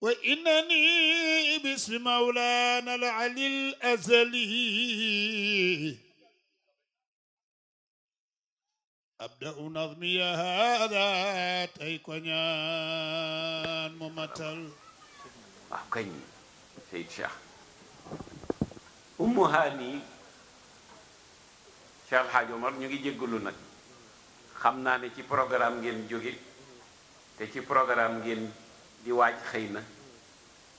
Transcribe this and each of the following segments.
وإنني باسم مولانا العلي الأزلي أبدأ نظمي هذا تيكونيان ممثل أحكي سيد شيخ أم هاني Cheikh El Hadj Omar ñu ngi jéggalu nag xam naa ne ci programme ngeen jóge te ci programme ngeen di waaj xëy na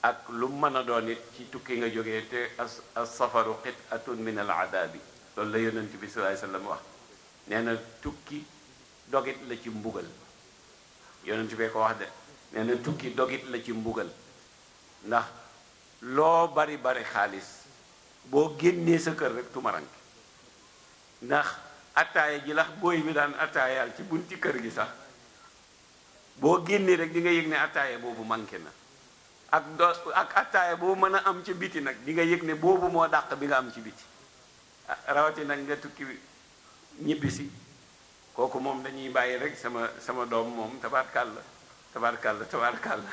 ak lu mën a doon it ci tukki nga jógee te as as safaru xit atun min al adabi loolu la yonent bi sallallahu alayhi wax nee na tukki dogit la ci mbugal yonent bee ko wax de nee na tukki dogit la ci mbugal ndax loo bari bari xaalis boo génnee sa kër rek tumaranke ndax attaaya ji lax booy bi daan attaayaal ci bunti kër gi sax boo génnee rek di nga yëg ne attaaya boobu manqué na ak do ak attaaya boo mën a am ci biti nag di nga yëg ne boobu moo dàq bi nga am ci biti ah, rawati nag nga tukki ñibbisi kooku moom dañuy bàyyi rek sama sama doom moom tabaarkàlla tabaarkàlla tabaarkàlla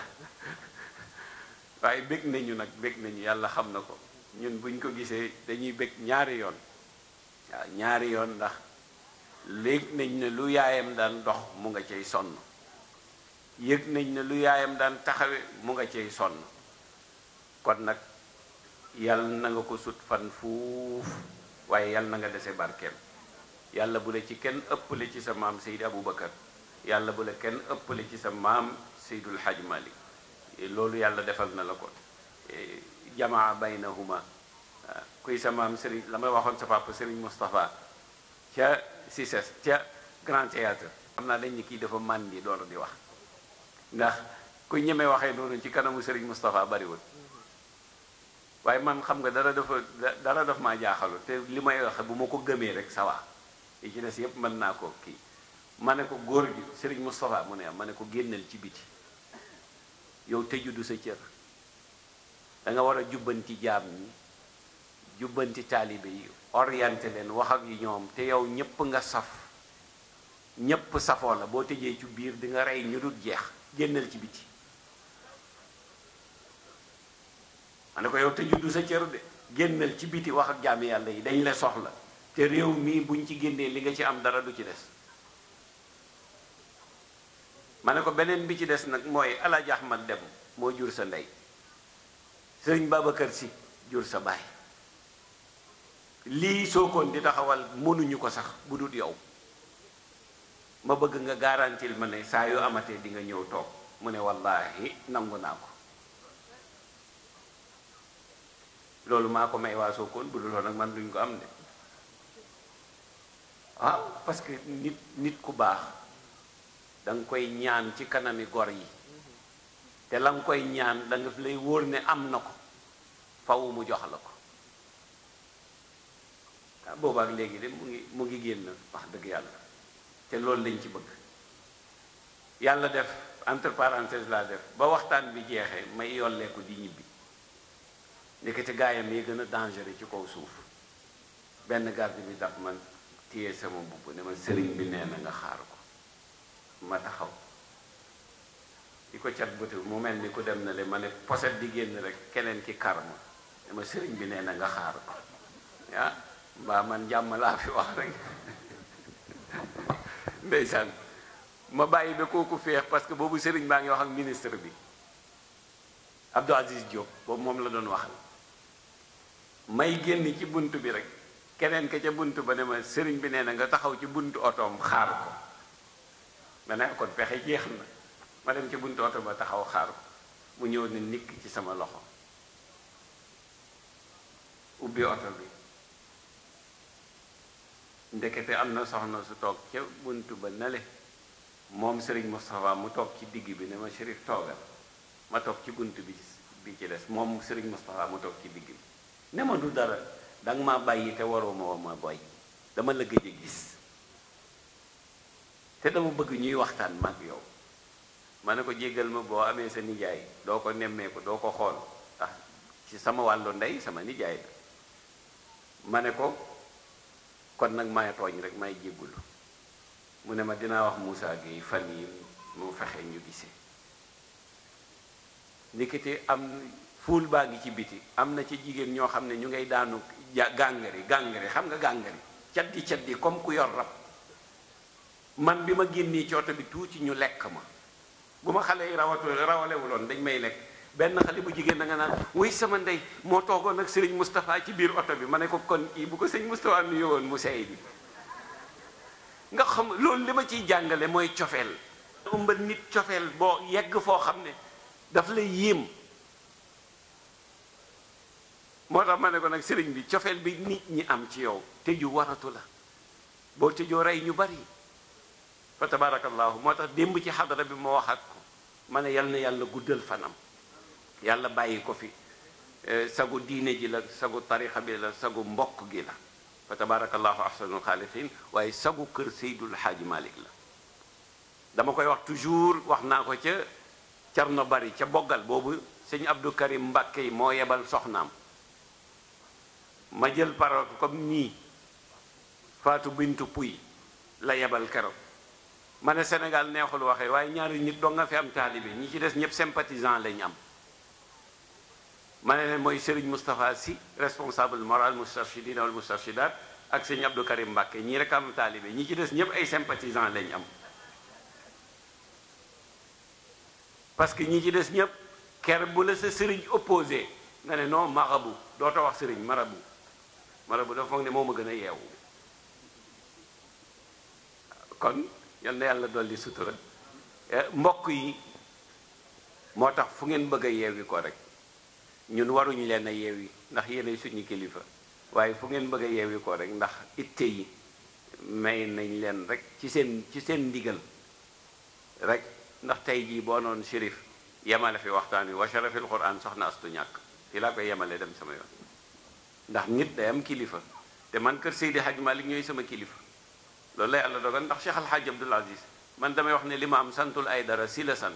waaye bég nañu nag bég nañu yàlla xam na ko ñun buñ ko gisee dañuy bég ñaari yoon waaw ñaari yoon ndax léeg nañ ne lu yaayam daan dox mu nga cay sonn yëg nañ ne lu yaayam daan taxawe mu nga cey sonn kon nag yàlla na nga ko sut fan fuuf waaye yàlla na nga dese barkeem yàlla bu la ci kenn ëppale ci sa maam Seydi Aboubacar yàlla bu la kenn ëppale ci sa maam Seydul Haj Malik e, loolu yàlla defal na la ko e, jamaa baynahuma kuy sa maam Serigne la may waxoon sa papa Serigne Moustapha ca Cissé ca Grand Théâtre xam naa lañ ni kii dafa màndi door di wax ndax ku ñemee waxee noonu ci kanamu sëriñ Moustapha bariwul waaye man xam nga dara dafa dara daf maa jaaxalu te li may wax bu ma ko gëmee rek sawa yi ci des yépp mën naa ko ki ma ne ko góor gi sëriñ Moustapha mu ne am ma ne ko génnal ci biti yow tëju du sa cër danga war a jubbanti jaam ñi jubbanti taalibe yi orienté leen wax ak ñoom te yow ñépp nga saf ñépp safoo la boo tëjee ci biir di nga rey ñu dul jeex génnal ci biti ma ne ko yow tëju du sa cër de génnal ci biti wax ak jaami yàlla yi dañ la soxla te réew mii buñ ci génnee li nga ci am dara du ci des ma ne ko beneen bi ci des nag mooy alaaji Ahmad dem moo jur sa ndey sëriñ kër Si jur sa baay lii soo koon di taxawal mënuñu ko sax bu dul yow ma bëgg nga garantil ma ne saa yu amatee di nga ñëw toog mu ne wallaahi nangu naa ko loolu maa ko may waa Sokone bu dul woon nag man duñ ko am de ah parce que nit nit ku baax da koy ñaan ci kanami gor yi te la koy ñaan da nga lay wóor ne am na ko faw mu jox la ko ah boobaak léegi de mu ngi mu ngi génn wax dëgg yàlla te loolu lañ ci bëgg yàlla def entre laa def ba waxtaan bi jeexee may yolleeku di ñibbi ndekete gaayam yi gën a dangereux ci kaw suuf benn garde bi daf man téye sama mbubb ne ma sëriñ bi nee na nga xaar ko ma di ko cat bëtu mu mel ni ku dem na le ma ne poset di génn rek keneen ki kar ma ne bi nee na nga xaar ko ah, mbaa man jàmm laa fi wax rekk ndeysaan ma bàyyi ba kooku feex parce que boobu sëriñ baa ngi wax ak ministre bi Abdou Aziz Diop boobu moom la doon waxal may génn ci bunt bi rek keneen ka ca bunt ba ne ma sëriñ bi nee na nga taxaw ci buntu otoom xaar ko ma ne kon pexe jeex na ma dem ci buntu oto ba taxaw xaar ko mu ñëw ne nikk ci sama loxo ubbi oto bi ndekete am na soxna su toog ca buntu ba nale moom sëriñ Moustapha mu toog ci digg bi ne ma Chérif toogal ma toog ci bunt bi bi ci des moom sëriñ Moustapha mu toog ci digg bi ne ma du dara danga ma bàyyi te waroo wa ma boy dama la gëj a gis te dama bëgg ñuy waxtaan mag yow ma ne ko jéggal ma boo amee sa nijaay doo ko nemmeeku doo ko xool ndax ah, ci sama wàllu ndey sama nijaay ma ne ko kon nag maa tooñ rek may jéggulu mu ne ma dinaa wax Moussa Gueye fan yi mu fexe ñu gisee ndikiti am fuul baa ngi ci biti am na ci jigéen ñoo xam ne ñu ngay daanu gàngari gàngari xam nga gàngari caddi caddi comme ku yor rab man bi ma génnee cooto bi tuuti ñu lekk ma bu ma xale yi rawatu rawalewuloon dañ may lekk benn xale bu jigéen da nga naan wuy sama ndey moo toogoon ak sëriñ Moustapha ci biir oto bi ma ne ko kon i bu ko sëñ Moustapha nu yowoon mu seey bi nga xam loolu li ma ciy jàngale mooy cofeel ëmbal nit cofeel boo yegg foo xam ne daf lay yéem moo tax ma ne ko nag sëriñ bi cofeel bi nit ñi am ci yow tëju waratu la boo tëjoo rey ñu bari fa tabaarakallaahu moo tax démb ci xadara bi ma waxaat ko ma ne yal na yàlla guddal fanam yàlla bàyyi ko fi eh, sagu diine ji la sagu tarixa bi la sagu mbokk gi la fa tabarakallahu ahsanul xaaliqin waaye sagu kër Seydul Xaaji Malik la dama koy wax toujours wax naa ko ca Cerno Bari ca boggal boobu sëñ Abdou Karim Mbàkke yi moo yebal soxnaam ma jël parole comme nii Faatu Bintu Puy la yebal keroog ma ne Sénégal neexul waxee waaye ñaari nit doo nga fi am taalibe ñi ci des ñëpp sympathisant lañ am ma ne leen mooy Serigne Moustapha Sy responsable moral moustarchidina wal moustarchidat ak sëñ Abdou Karim Mbacke ñii rek am taalibe ñi ci des ñëpp ay sympathisant lañ am parce que ñi ci des ñëpp ker bu la sa sëriñ opposé nga ne non marabu dootoo wax sëriñ marabu marabu dafa foog ne moo ma gën a yeewu kon yal na yàlla dolli sutura eh, mbokk yi moo tax fu ngeen bëgg a yeewi ko rek ñun waruñu leen a yeewi ndax yéenay suñu kilifa waaye fu ngeen bëgg a yeewi ko rek ndax itte yi may nañ leen rek ci seen ci seen ndigal rek ndax tey jii boo noon shérif yemale fi waxtaan wi wa sharafil quran soxna astu ñàkk fii laa koy yemale dem sama yoon ndax nit day am kilifa te man kër Seydi Hadj li ñooy sama kilifa loolu la yàlla dogal ndax Cheikh Al Hadj Aziz man damay wax ne li ma am santul ay dara si la sant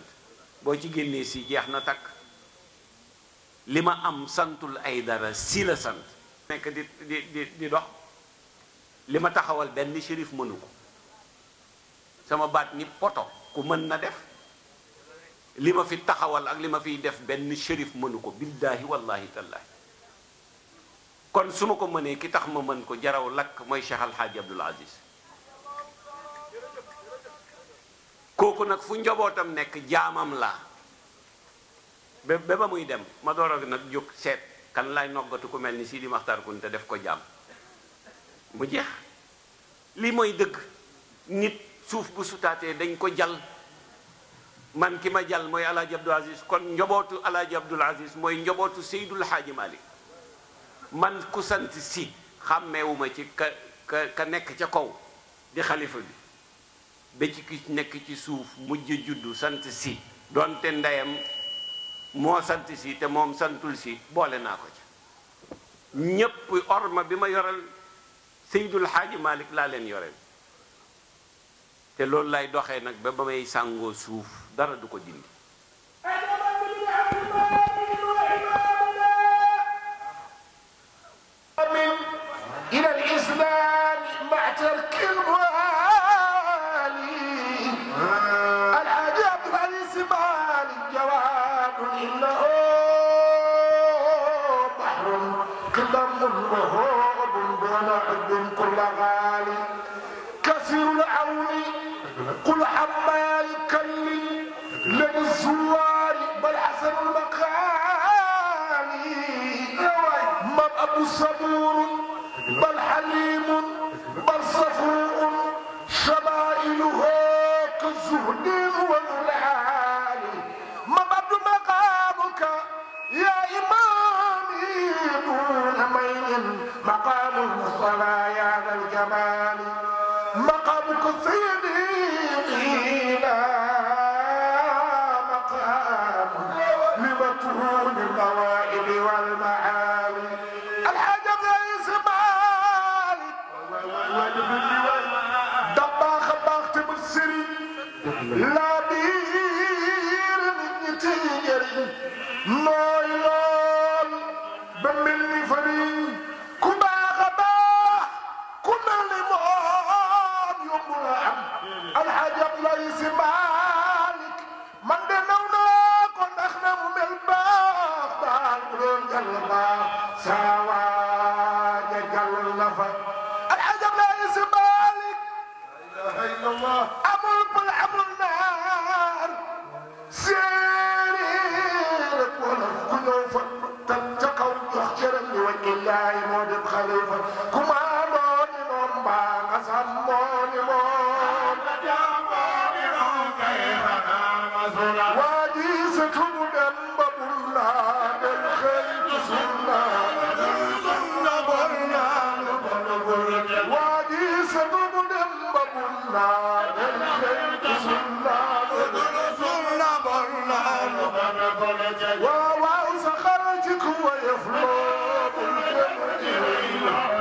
boo ci génnee si jeex na takk li ma am santul ay dara si la sant nekk di dox li ma taxawal benn shérif mënu ko sama baat ni poto ku mën na def li ma fi taxawal ak li ma fi def benn shérif mënu ko billaahi wallaahi tallaahi kon su ma ko mënee ki tax ma mën ko jaraw lakk mooy Cheikh Al Hadj Aziz kooku nag fu njabootam nekk jaamam laa ba ba muy dem ma door nag jóg seet kan lay noggatu ku mel ni Sidi Maxtar Kunte def ko jàmm mu jeex lii mooy dëkk nit suuf bu sutaatee dañ ko jal man ki ma jal mooy alaaji Abdul Aziz kon njobootu alaaji Abdul Aziz mooy njobootu Seydul Xaaji Malik man ku sant si xàmmeewuma ci ka ka nekk ca kaw di xalifa bi ba ci ki nekk ci suuf mujj juddu sant si doonte ndeyam moo sant si te moom santul si boole naa ko ca ñépp orma bi ma yoreel Seydul Xaaji Malik laa leen yoreel te loolu lay doxee nag ba may sàngoo suuf dara du ko dindi ila al Baba واو سخرتك ويفلو بالجمع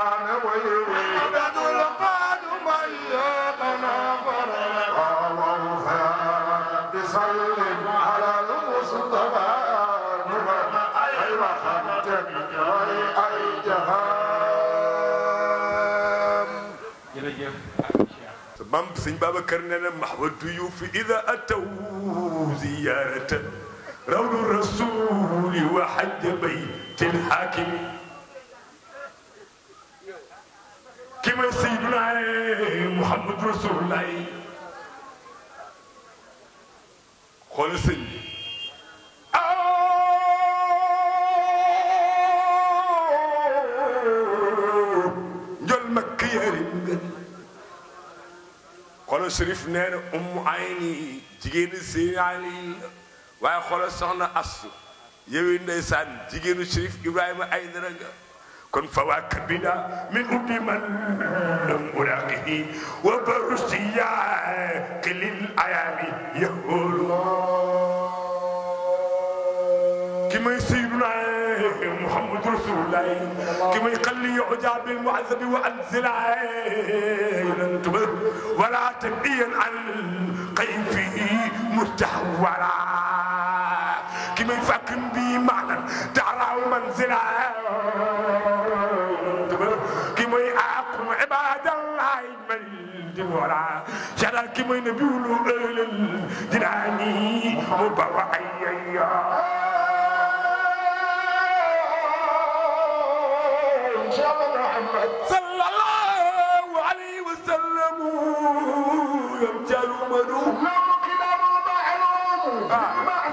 maam sëñ Babacar nee na mahwatu yu fi ida ataw ziyaratan rawdu rasuli wa xajja baytil xaakimi ki may sayduna Muhammadu Rasulullahi xool sëñ Chérif nee na ummu ayni jigéenu Seyni Ali la waaye xoolal soxna Assu yow ndeysaan jigéenu Chérif Ibrahima Aïdara min ubbi man lam uraqihi wa barusiya qilil ayaami yahoolu ki may Seydunaa محمد رسول الله كما يقلي عجاب المعذب وانزل تبر ولا تبقيا عن قيفه مستحورا كما يفكر به معنى تعراه منزلا كما يعاقب عباد الله المنزلا شرع كما ينبيه اهل الجنان مبوعيا شاء محمد صلى الله عليه وسلم يمجل مدوم لو كلام معلوم مع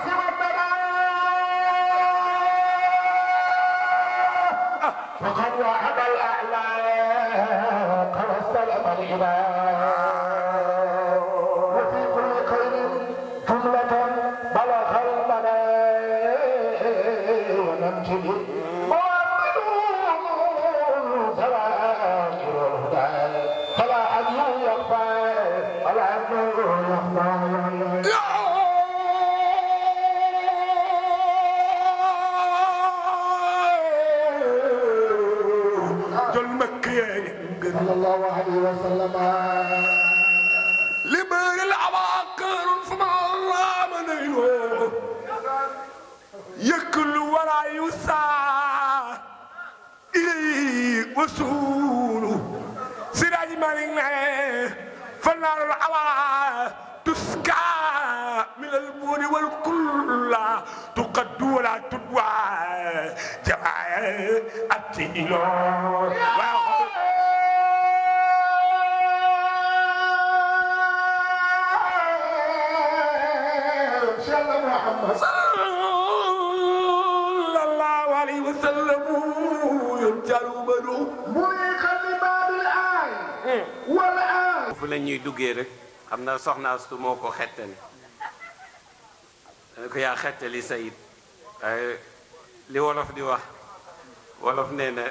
na soxna moo ko xettali dana ko yaa xettali sayid waaye li wolof di wax wolof nee na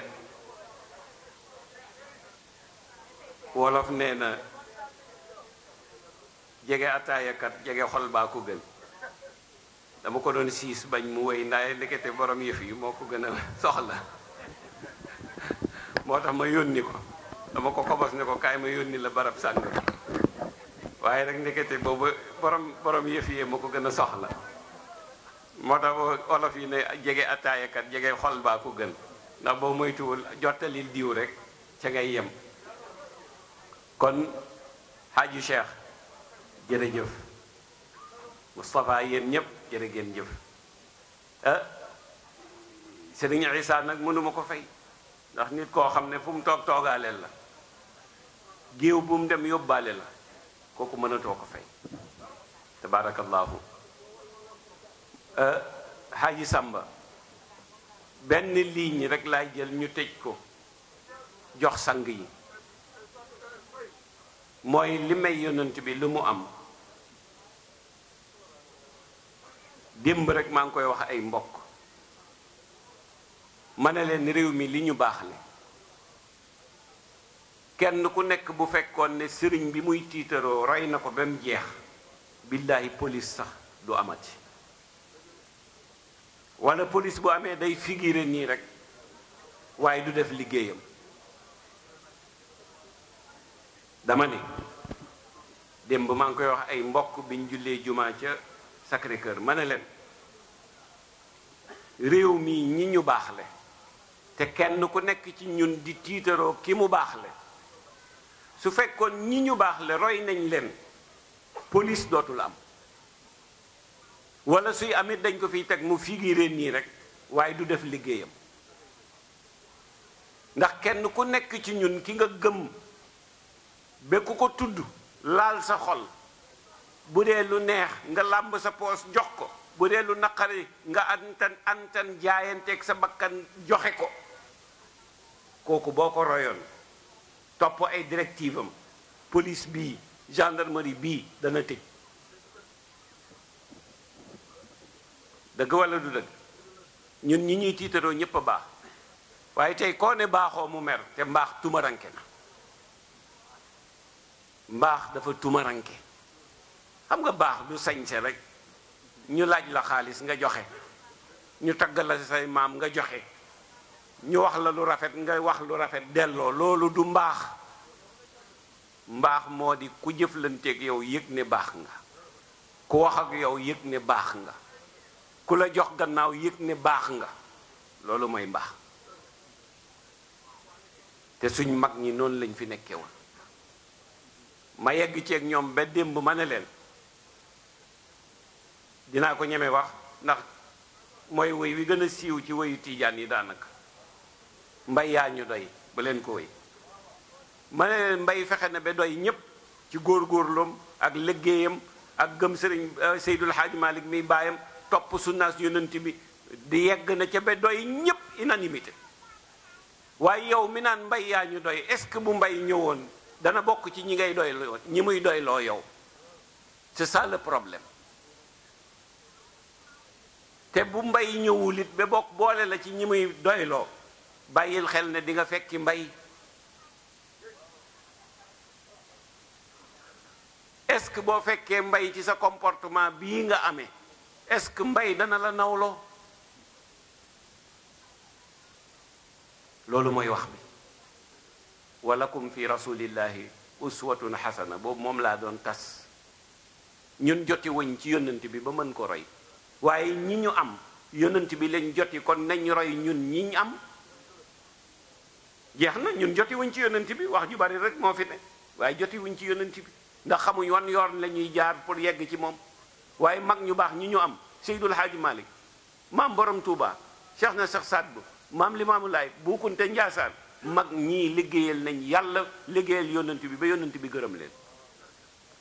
wolof nee na jege ataayakat jege xol baa ko gën dama ko doon siis bañ mu wéy ndaaye ndekete borom yëf yi moo ko gën a soxla moo tax ma yónni ko dama ko kobos ne ko kaay ma yónni la barab sàng waaye rek ndekete boobu borom borom yëf yee ma ko gën a soxla moo tax olof yi ne jege attaayakat jege xol baa ko gën ndax boo moytuwul jottalil diw rek ca ngay yem kon xaaju cheikh jërëjëf Moustapha yéen ñëpp jërë ngeen jëf ah eh, sëriñ saa nag mënuma ko fay ndax nit koo xam ne fu toog toogaaleel la géew bu dem yóbbaale la kooku mënatoo ko fay tabaarakallaahu xaaji euh, sàmba benn ligne rek laay jël ñu tëj ko jox sang yi mooy li may yonent bi lu mu am démb rek maa ngi koy wax ay mbokk ma ne leen réew mi li ñu baax le kenn ku nekk bu fekkoon ne sëriñ bi muy tiitaroo rey na ko ba mu jeex billaahi police sax du amati wala polis bu amee day figire nii rek waaye du def liggéeyam dama ne démb maa ngi koy wax ay mbokk biñ jullee jumaa ca Sacré Cœur ma ne leen réew mii ñi ñu baaxle te kenn ku nekk ci ñun di tiitaroo ki mu baaxle su fekkoon ñi ñu baax le roy nañ leen polis dootul am wala suy amit dañ ko fiy teg mu figuré nii rek waaye du def liggéeyam ndax kenn ku nekk ci ñun ki nga gëm ba ku ko tudd laal sa xol bu dee lu neex nga làmb sa poos jox ko bu dee lu naqari nga antan antan jaayanteeg sa bakkan joxe ko kooku boo ko royoon topp ay directive am police bii gendarmerie bii dana tëj dëgg walla du dëgg ñun ñi ñuy tiitaroo ñépp a baax waaye tey koo ne baaxoo mu mer te mbaax tumuranke na mbaax dafa tumaranke xam nga baax du sañse rek ñu laaj la xaalis nga joxe ñu taggal la si say maam nga joxe ñu wax la lu rafet nga wax lu rafet delloo loolu du mbaax mbaax moo di ku jëflanteek yow yëg ne baax nga ku wax yow yëg ne baax nga ku la jox gannaaw yëg ne baax nga loolu mooy mbaax te suñ mag ñi noonu lañ fi nekkee woon ma yegg ceeg ñoom ba démb ma ne leen dinaa ko ñeme wax ndax mooy woy wi gën a siiw ci woyu tiijaan yi daanaka mbay yaa ñu doy ba leen ko wéy ma ne leen mbay fexe na ba doy ñépp ci góor góorgóorloom ak liggéeyam ak gëm sëriñ euh, Seydul Xaaji Malik mi baayam topp sunnaas yonent bi di yegg na ca ba doy ñépp unanimité waaye yow mi naan mbay yaa ñu doy est-ce que bu mbay ñëwoon dana bokk ci ñi ngay doy loo ñi muy doyloo loo yow c'est ça problème te bu mbay ñëwul it ba bokk boole la ci ñi muy doyloo bàyyil xel ne di nga fekki mbay est-ce que boo fekkee mbay ci sa comportement bii nga amee est-ce mbay dana la nawloo loolu mooy wax bi walakum fi rasulillahi uswatun xasana boobu moom laa doon tas ñun joti wuñ ci yonant bi ba mën ko roy waaye ñi ñu am yonant bi lañ joti kon nañ roy ñun ñi ñu am jeex na ñun joti wuñ ci yonent bi wax ju bari rek moo fi ne waaye joti ci yonent bi ndax xamuñ wan yoon la ñuy jaar pour yegg ci moom waaye mag ñu baax ñi ñu am Seydul Haaji Malick maam borom Touba Cheikh na Cheikh Saad bu maam Limaamu Laay Bu Kunta Njaasaan mag ñii liggéeyal nañ yàlla liggéeyal yonent bi ba yonent bi gërëm leen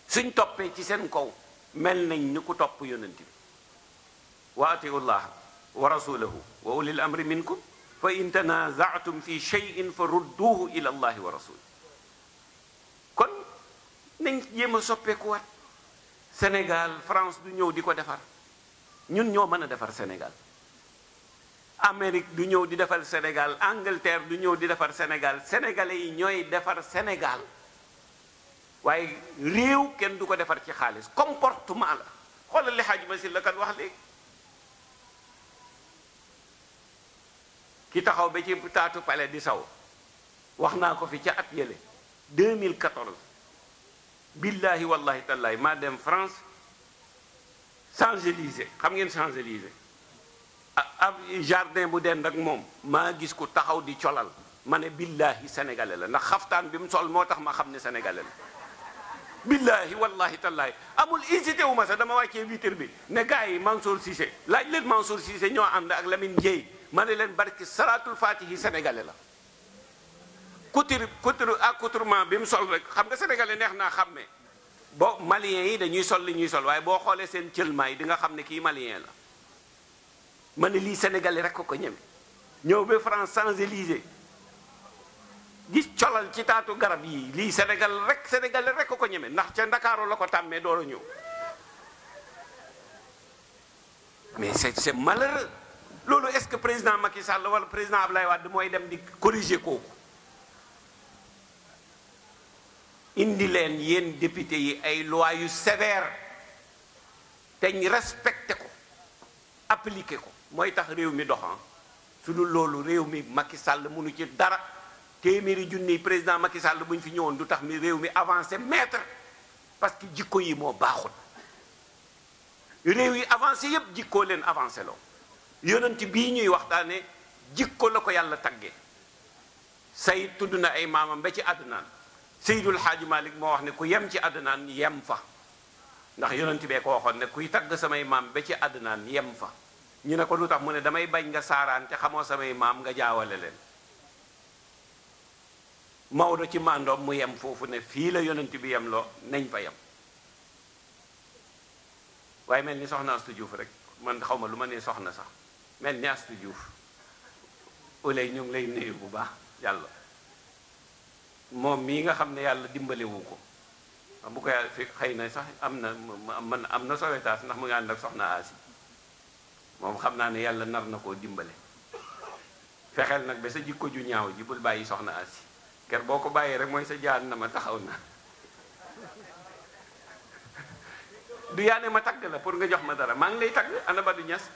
suñ toppee ci seen kaw mel nañ ni ku topp yonent bi wa atiullaha wa rasulahu wa amri minkum fa in tanazatum fi cheyin fa rudduhu ila allahi wa rasul kon nañ jéem a soppeekuwaat Sénégal France du ñëw di ko defar ñun ñoo mën a defar senegal Amérique du ñëw di defar Sénégal Angleterre du ñëw di defar Sénégal sénégalais yi ñooy defar Sénégal waaye réew kenn du ko defar ci xaalis comportement la xoolal li xaaj ma si la kan wax léegi ki taxaw ba ci taatu pale di saw wax naa ko fi ca at yële 2014 billahi wallahi tallahi maa dem France Champs-Élysées xam ngeen Champs-Élysées ah, ab jardin bu den rek moom maa gis ku taxaw di colal ma ne billahi sénégalais la ndax xaftaan bi mu sol moo tax ma xam ne sénégalais la billahi wallahi tallahi amul incité wu ma sax dama wàccee vitre bi ne gars yi Mansour Cissé laaj leen Mansour Cissé ñoo ànd ak Lamine Dieye ma ne leen bari salaatul faatihi sénégalais la couture couture accoutrement bi mu sol rek xam nga sénégalais neex naa xam ne boo malien yi dañuy sol li ñuy sol waaye boo xoolee seen cëlmaay yi di nga xam ne kii malien la ma ne lii sénégalais rek ko ñeme ñëw ba France Champs-Élysées gis colal ci taatu garab yi lii sénégal rek sénégalais rek ko ko ñeme ndax ca ndakaaru la ko tàmmee door a ñëw mais c'est c'est malheureux loolu est-ce que président Macky Sall wala lay Ablaye Wade mooy dem di corriger kooku indi leen yéen député yi ay loi yu sévère te ñu respecté ko appliqué ko mooy tax réew mi doxan ah. su dul loolu réew mi Macky Sall mënu ci dara téeméeri junni président Macky Sall bu ñu fi ñëwoon du tax mi réew mi avancé maître parce que jikko yi moo baaxul réew yi avancé yépp jikkoo leen avancé loo yonanti bii ñuy waxtaane jikko la ko yàlla tagge say tudd na ay maamam ba ci adnaan seydul xaaji malik moo wax ne ku yem ci adnaan yem fa ndax yonanti bee ko waxoon ne kuy tagg samay maam ba ci adnaan yem fa ñu ne ko lu tax mu ne damay bañ nga saaraan te xamoo samay maam nga jaawale leen Maodo ci mandoom mu yem foofu ne fii la yonent bi yem loo neñ fa yem waaye mel ni soxna Astu Juuf rek man xaw ma lu ma ne soxna sax mel ni Astou Diouf olay ñu ngi lay nuyu bu baax yàlla moom mii nga xam ne yàlla dimbalewu ko bu ko yàlla fi xëy na sax am na man am na sowetaas ndax mu ngi ànd ak soxna Asi moom xam naa ne yàlla nar na koo dimbale fexeel nag ba sa jikko ju ñaaw ji bul bàyyi soxna Asi ker boo ko bàyyee rek mooy sa jaan na ma taxaw na du yaane ma tagg la pour nga jox ma dara maa ngi lay tagg ana ba ñas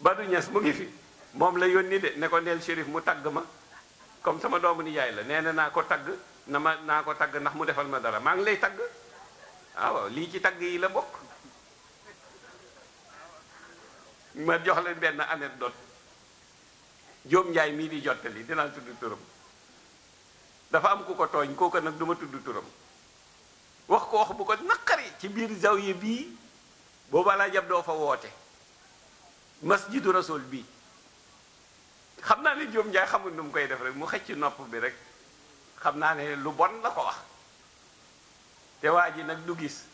Badou Niass mu ngi fi moom la yónni de ne ko neel shérif mu tagg ma comme sama doomu nijaay la nee na naa ko tagg na ma naa ko tagg ndax mu defal ma dara maa ngi lay tagg ah, waaw lii ci tagg yi la bokk ma jox leen benn anecdote Jóom Njaay mii di jottali dinaa tudd turam dafa am ku ko tooñ kooka nag du ma tudd turam wax ko wax bu ko naqari ci biir zawiya bii booba laa jab doo fa woote masjidu rasol bi xam naa ne Jóob Njaay xamul nu mu koy def rek mu xëcc nopp bi rek xam naa ne lu bon la ko wax te waa ji nag du gis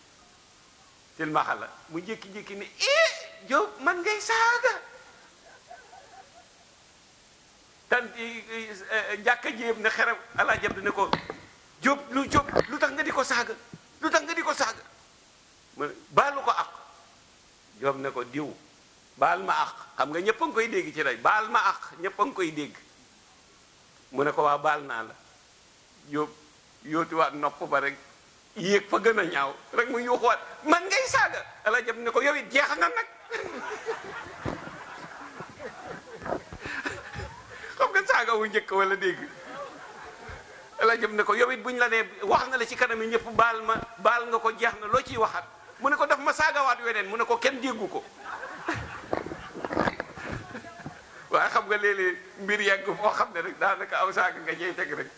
silmaxa mu jékki-jékki ne eh Jóob man ngay saaga tant eh, jàkka jéeb ne xeram ala jab ne ko Jóob lu Jóob lu tax nga di ko saaga lu tax nga di ko saaga baalu ko ak Jóob ne ko diw baal ma àq xam nga ñëpp a koy dégg ci lay baal ma ak ñëpp a koy dégg mu ne ko waa baal naa la yób yóotiwaat nopp ba rek yéeg fa gën a ñaaw rek mu waat man ngay saaga ala jëm ne ko yow it jeex nga nag xam nga saaga wu njëkk wala dégg ala jëm ne ko yow it buñ la nee wax na la ci kanam yi ñëpp baal ma baal nga ko jeex na loo ciy waxaat mu ne ko daf ma saaga saagawaat weneen mu ne ko kenn déggu ko waaye xam nga léeg-léeg mbir yegg foo xam ne rek daanaka aw saaga nga cey teg rek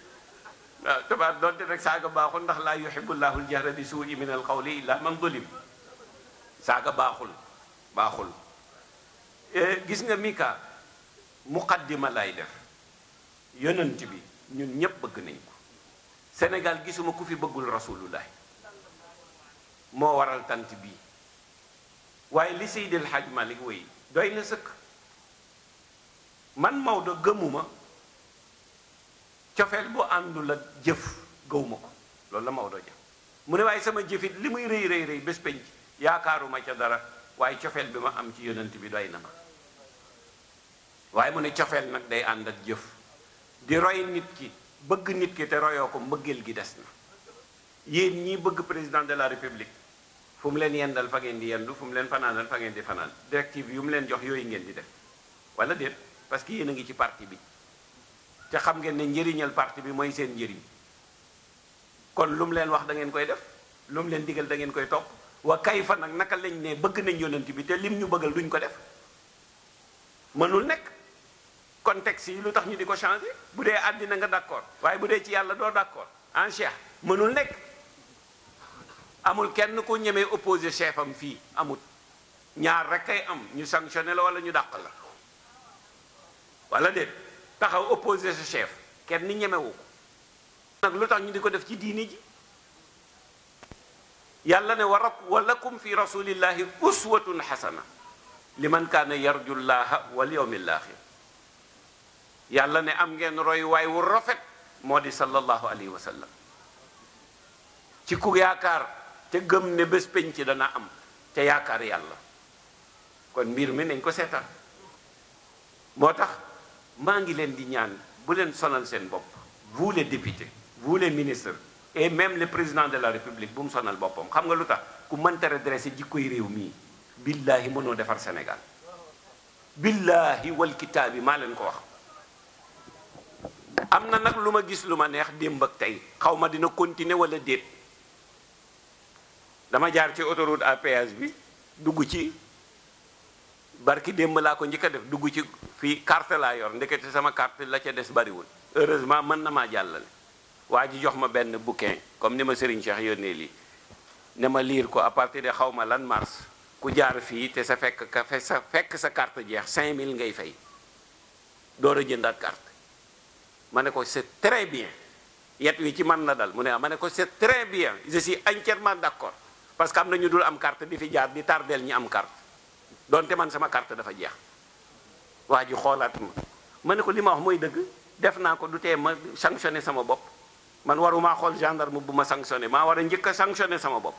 waaw tabaar doonte nag saaga baaxul ndax laa yuhibbu llaahu al-jahra bi suu'i min al-qawli illaa man zulim saaga baaxul baaxul eh, gis nga mika muqaddima lay def yonent bi ñun ñépp bëgg nañ ko Sénégal gisuma ku fi bëggul rasulullah moo waral tant bi waaye li Seydil Hadj Malick wéy doy na sëkk man Maodo gëmuma cofeel bu àndul ak jëf gëwuma ko loolu la Maodo jëf mu ne waaye sama jëfit li muy rëy rëy rëy bés penc yaakaaruma ca dara waaye cofeel bi ma am ci yonent bi doy na ma waaye mu ne cofeel nag day ànd ak jëf di roy nit ki bëgg nit ki te royoo ko mbëggeel gi des na yéen ñii bëgg président de la république fu mu leen yendal fa ngeen di yendu fu mu leen fanaanal fa ngeen di fanaan directive yu mu leen jox yooyu ngeen di def wala déet parce que yéen a ngi ci parti bi te xam ngeen ne njëriñal parti bi mooy seen njëriñ kon lu mu leen wax da ngeen koy def lu mu leen digal da ngeen koy topp wa kay fa nag naka lañ ne bëgg nañ yonent bi te lim ñu bëggal duñ ko def mënul nekk contexte yi lu tax ñu di ko changé bu dee àddina nga d'accord waaye bu dee ci yàlla doo d'accord en ah, cheikh mënul nekk amul kenn ku ñemee opposé chef am fii amut ñaar rek ay am ñu sanctionné la wala ñu dàq la wala de taxaw opposé sa chef kenn ni ñemewu ko nag lu tax ñu di ko def ci diini ji yàlla ne walla lakum fi rasulillahi uswatun xasana liman kaana yarjullaha wal yawmil axir yàlla ne am ngeen roy waay wu rafet moo di sallallahu alayhi wa ci ku yaakaar te gëm ne bés penc dana am te yaakaar yàlla kon mbir mi nañ ko seetaan moo tax maa ngi leen di ñaan bu leen sonal seen bopp vous les députés ministre les même le président de la république bu mu sonal boppam xam nga lu tax ku mënta redressé jikkoy réew mii billaahi mënoo defar Sénégal billaahi wal kitaabi maa leen ko wax am na nag lu ma gis lu ma neex démb ak tey xaw ma dina continuer walla déet dama jaar ci autoroute à bi dugg ci barki démb laa ko njëkk def dugg ci fii carte laa yor ndekete sama carte la ca des bariwul heureusement mën na maa jàllale waa ji jox ma benn bouquin comme ni ma Serigne Cheikh yónnee lii ne ma liir ko à partir de xaw ma lan mars ku jaar fii te sa fekk sa fekk sa carte jeex cinq mille ngay fay door a jëndaat carte ma ne ko c'est très bien yet wi ci man na dal mu ne ma ne ko c'est très bien je suis entièrement d'accord parce que am na ñu dul am carte di fi jaar di tardeel ñi am carte. doonte man sama carte dafa jeex waa ji xoolaat ma ma ne ko li ma wax mooy dëgg def naa ko du tee ma sanctionné sama bopp man warumaa xool gendarme bu ma sanctionné maa war a njëkk a sanctionné sama bopp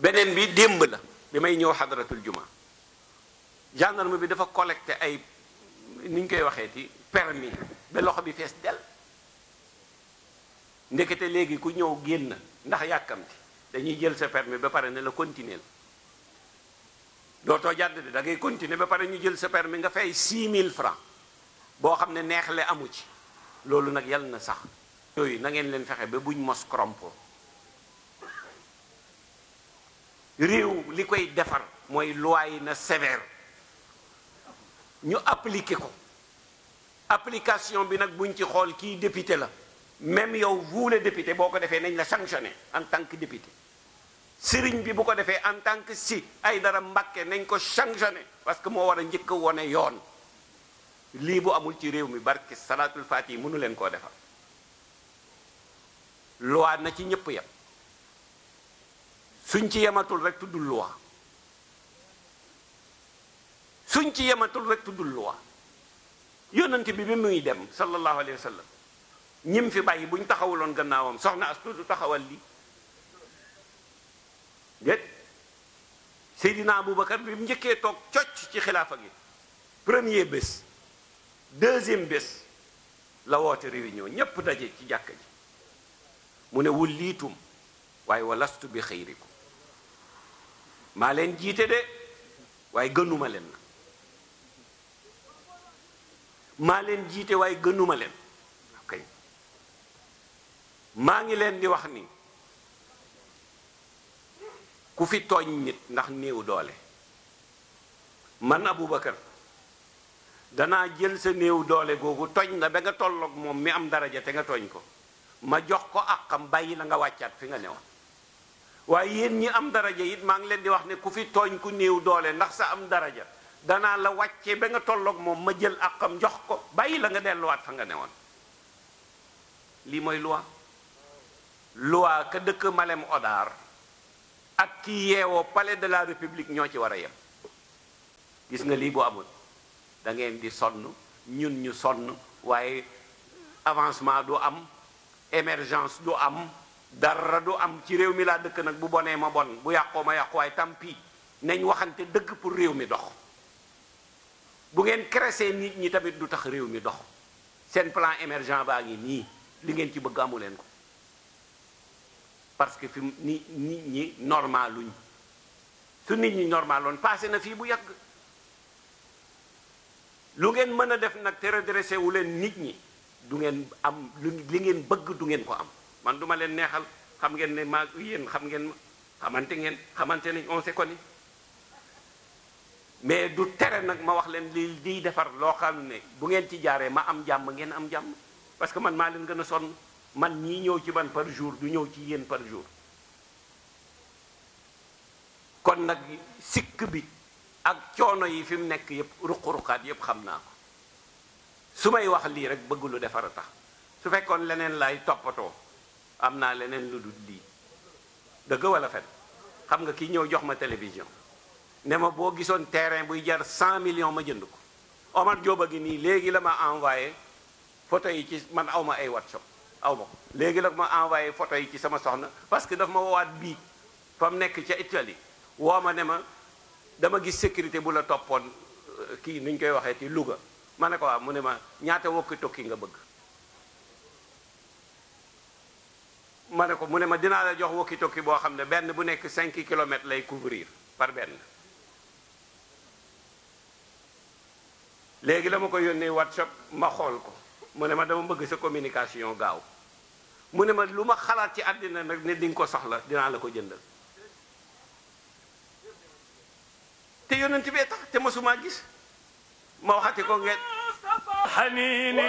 beneen bi démb la bi may ñëw xadratul juma gendarme bi dafa collecté ay ni koy waxee ti permis ba loxo bi fees del ndekete léegi ku ñëw génn ndax yàkkamti dañuy jël sa permis ba pare ne la continuer la dootoo jàdd de da ngay continuer ba pare ñu jël sa permis nga fay 6000 francs boo xam ne neexle amu ci loolu nag yal na sax yooyu na ngeen leen fexe ba buñ mos korompo réew li koy defar mooy loi yi na sévère ñu appliquer ko application bi nag buñ ci xool kii député la même yow vous le boo ko defee nañ la sanctionner en tant que député sëriñ bi bu ko defee en tant que si ay dara mbàkke nañ ko sanctionné parce que moo war a njëkk wone yoon lii bu amul ci réew mi barki salaatul faati yi mënu leen koo defal loi na ci ñëpp yem suñ ci yematul rek tuddul loi suñ ci yematul rek tuddul loi yonent bi bi muy dem sallallahu alayhi wa sallam ñim fi bàyyi buñ taxawuloon gannaawam soxna as tuuti taxawal lii déet Seydina Aboubacar bi mu njëkkee toog cocc ci xilaafa gi premier bés deuxième bés la woote réunion ñépp daje ci jàkka ji mu ne wulliitum waaye walastu bi xëyrikum maa leen jiite de waaye gënuma leen maa leen jiite waaye gënuma leen ok maa ngi leen di wax ni ku fi tooñ nit ndax néew doole man Aboubacar danaa jël sa néew doole googu tooñ la ba nga tollook moom mi am daraja te nga tooñ ko ma jox ko ak àqam bàyyi la nga wàccaat fi nga newoon waaye yéen ñi am daraja it maa ngi leen di wax ne ku fi tooñ ku néew doole ndax sa am daraja danaa la wàccee ba nga tollook moom ma jël àqam jox ko bàyyi la nga delluwaat fa nga woon lii mooy loi loi ka dëkk Malem Odar ak ki yeewoo palais de la république ñoo ci war a yem gis nga lii bu amul da ngeen di sonn ñun ñu sonn waaye avancement du am émergence du am dara du am ci réew mi laa dëkk nag bu bonee ma bon bu yàqoo ma yàqu waaye tant pis nañ waxante dëgg pour réew mi dox bu ngeen creuser nit ñi tamit du tax réew mi dox seen plan émergent baa ngi nii li ngeen ci bëgg amu leen ko parce que fi ni nit ñi normaluñ su nit ñi normaloon passé na fii bu yàgg lu ngeen mën a def nag te redressé wu leen nit ñi du ngeen am li ngeen bëgg du ngeen ko am man duma leen neexal xam ngeen ne maa yéen xam ngeen xamante ngeen xamante nañ on s'est mais du tere nag ma wax leen li liy defar loo xam ne bu ngeen ci jaaree ma am jàmm ngeen am jàmm parce que man maa leen gën a sonn man ñii ñëw ci man par jour du ñëw ci yéen par jour kon nag sikk bi ak coono yi fi mu nekk yëpp ruq-ruqaat yëpp xam naa ko su may wax lii rek bëgg lu defar a tax su fekkoon leneen laay toppatoo am naa leneen lu dul lii dëgg walla fen xam nga kii ñëw jox ma télévision ne ma boo gisoon terrain buy jar 100 million ma jënd ko Omar Diop a ngi nii léegi la ma envoyé photo yi ci man awma ay WhatsApp aw ma léegi nag ma envoyé photo yi ci sama soxna parce que daf ma woowaat bii fa mu nekk ca Italie woo ma ne ma dama gis sécurité bu la toppoon euh, kii nuñ koy waxee ci Louga ma ne ko waaw mu ne ma ñaata wokki tokki nga bëgg ma ne ko mu ne ma dinaa la jox wokki tokki boo xam ne benn bu nekk 5 kilomètres lay couvrir par benn léegi la ma ko yónnee WhatsApp ma xool ko mu ne ma dama bëgg sa communication gaaw mu ne ma lu ma xalaat ci àddina nag ne di ko soxla dinaa la ko jëndal te yonent bee tax te masumaa gis ma waxati ko ngeen xaniini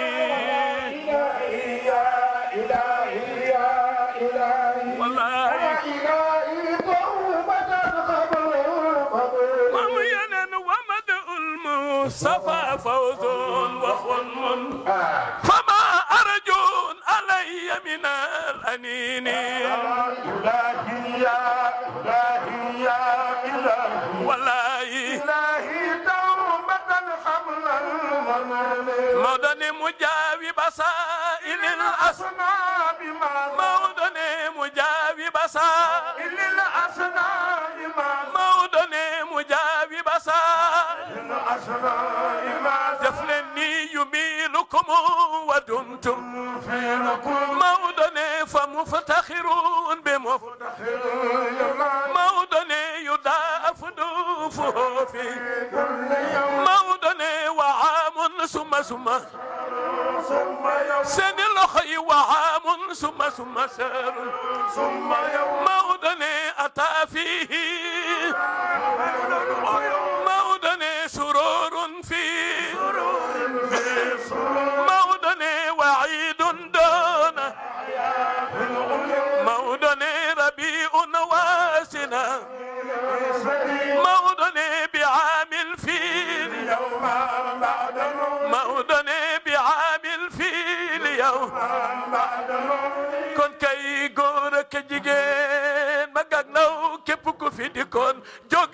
صفى فوز وخلم فما أرجو علي من الأنين إلهي يا إلهي يا إلهي والله إلهي توبة حمل المنام مدن مجاوب سائل الأصنام مدن مجاوب سائل الأصنام def leen ni yumilukum wa dumtum Maodo ne fa muftaxirun bi mu Maodo ne yudaaf dufuufi Maodo ne wa aamun suma suma seeni loxo yi wa aamun suma suma seerun Maodo ne ataafi jigéen mag ak ndaw képp ku fi dikkoon jóg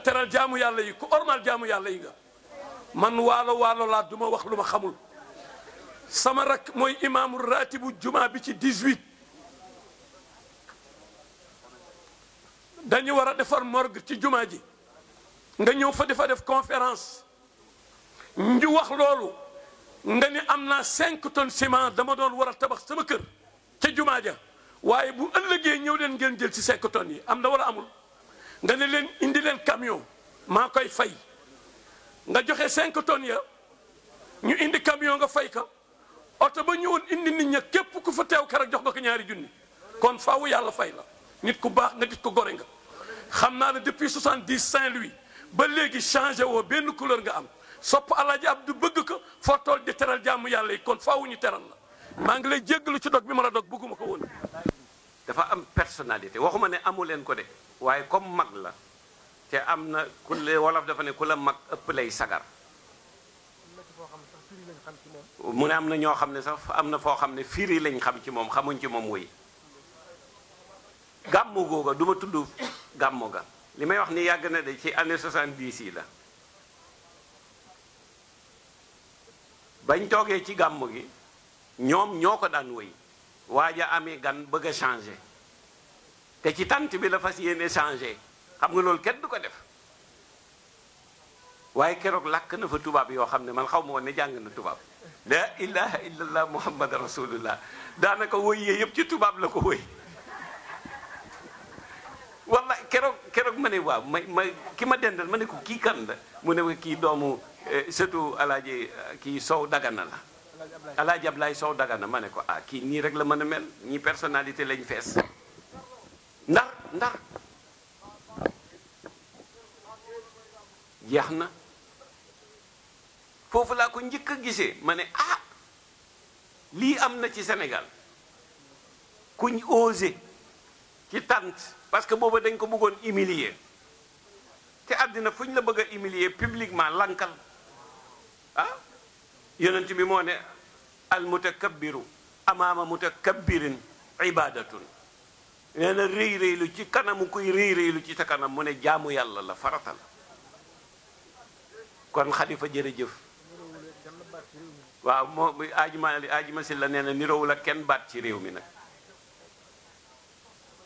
nga teral jaamu yàlla yi ku ormal jaamu yàlla yi nga man waalo waalo laa du ma wax lu ma xamul sama rak mooy imaamu ratibu jumaa bi ci 18 dañu war a defar morgue ci jumaa ji nga ñëw fa defa def conférence ñu wax loolu nga ni am naa cinq tonnes ciment dama doon war a tabax sama kër ca juma ja waaye bu ëllëgee ñëw leen ngeen jël ci cinq tonnes yi am na wala amul nga ne leen indi leen camion maa koy fay nga joxe 5 tonnes ya ñu indi camion nga fay ka oto ba ñëwoon indi nit ña képp ku fa teew keroog jox nga ko ñaari junni kon faaw yàlla fay la nit ku baax nga nit ku gore nga. xam naa ne depuis 70 Saint-Louis ba léegi changé woo benn couleur nga am sopp Alaaji Abdu bëgg ko foo tool di teral jàmm yàlla yi kon faaw ñu teral la maa ngi lay jéggalu ci dog bi ma la dog bëgguma ko woon. dafa am personnalité waxuma ne amu leen ko de. waaye comme mag la te am na ku le wolof dafa ne ku la mag ëpp lay sagar mu ne am na ñoo xam ne sax am na foo xam ne firi lañ xam ci moom xamuñ ci moom wuy gàmmu googa du ma tudd gàmmu ga li may wax ni yàgg na de ci année 70 yi la bañ toogee ci gàmmu gi ñoom ñoo ko daan wëy waaja amee gan bëgg a changé te ci tant bi la fas yéene changé xam nga loolu kenn du ko def waaye keroog làkk na fa tubaab yoo xam ne man xaw ma woon ne jàng na tubaab la ilaha illallah muhammad rasulullah daanaka woy yee yëpp ci tubaab la ko woy walla keroog keroog ma ne waaw ma ki ma dendal ma ne ko kii kan la mu ne ko kii doomu eh, surtout alaaji eh, kii Sow Dagana la alaaji Ablaye Sow Dagana ma ne ko ah kii nii rek la mën a mel ñii personnalité lañ fees ndax ndax jeex na foofu laa ko njëkk a gisee ma ne ah lii am na ci Sénégal kuñ osé ci tànt parce que boobu dañ ko bëggoon humilier te àddina fuñ la bëgg a humilier publiquement lankal ah yonent bi moo ne al mutakabbiru amaama mutakabbirin ibadatun nee na rëy rëylu ci kanamu kuy rëy rëylu ci sa kanam mu ne jaamu yàlla la farata la kon xalifa jërëjëf waaw moo ajuma ajuma si la nee na niroowul ak kenn baat ci réew mi nag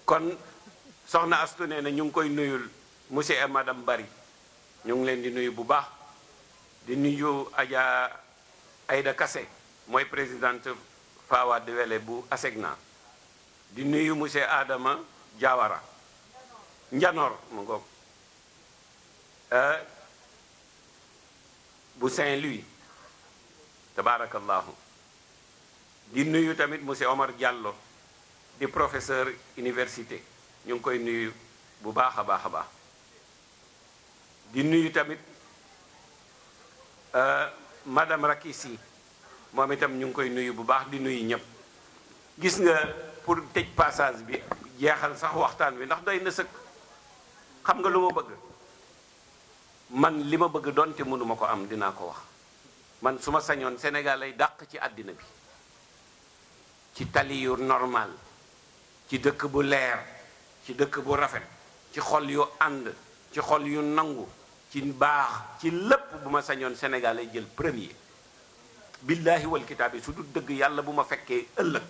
kon soxna astu nee na ñu ngi koy nuyul monsieur et madame Bari ñu ngi leen di nuyu bu baax di nuyu Adja ayda kase mooy présidente Fawade Wele bu ASECNA di nuyu monsieur Adama jawara Njanor mu ngoog euh, bu Saint-Louis tabarakallahu di nuyu tamit monsieur Omar Diallo di professeur université ñu ngi koy nuyu bu baax a baax a baax di nuyu tamit euh, madame Rakisi moom itam ñu ngi koy nuyu bu baax di nuyu ñëpp gis nga pour tëj passage bi jeexal sax waxtaan wi ndax doy na sëkk xam nga lu ma bëgg man li ma bëgg donte mënuma ko am dinaa ko wax man su ma sañoon Sénégal ay dàq ci àddina bi ci tali yu normal ci dëkk bu leer ci dëkk bu rafet ci xol yu ànd ci xol yu nangu ci baax ci lëpp bu ma sañoon Sénégal ay jël premier billaahi wal kitaabi su dul dëgg yàlla bu ma fekkee ëllëg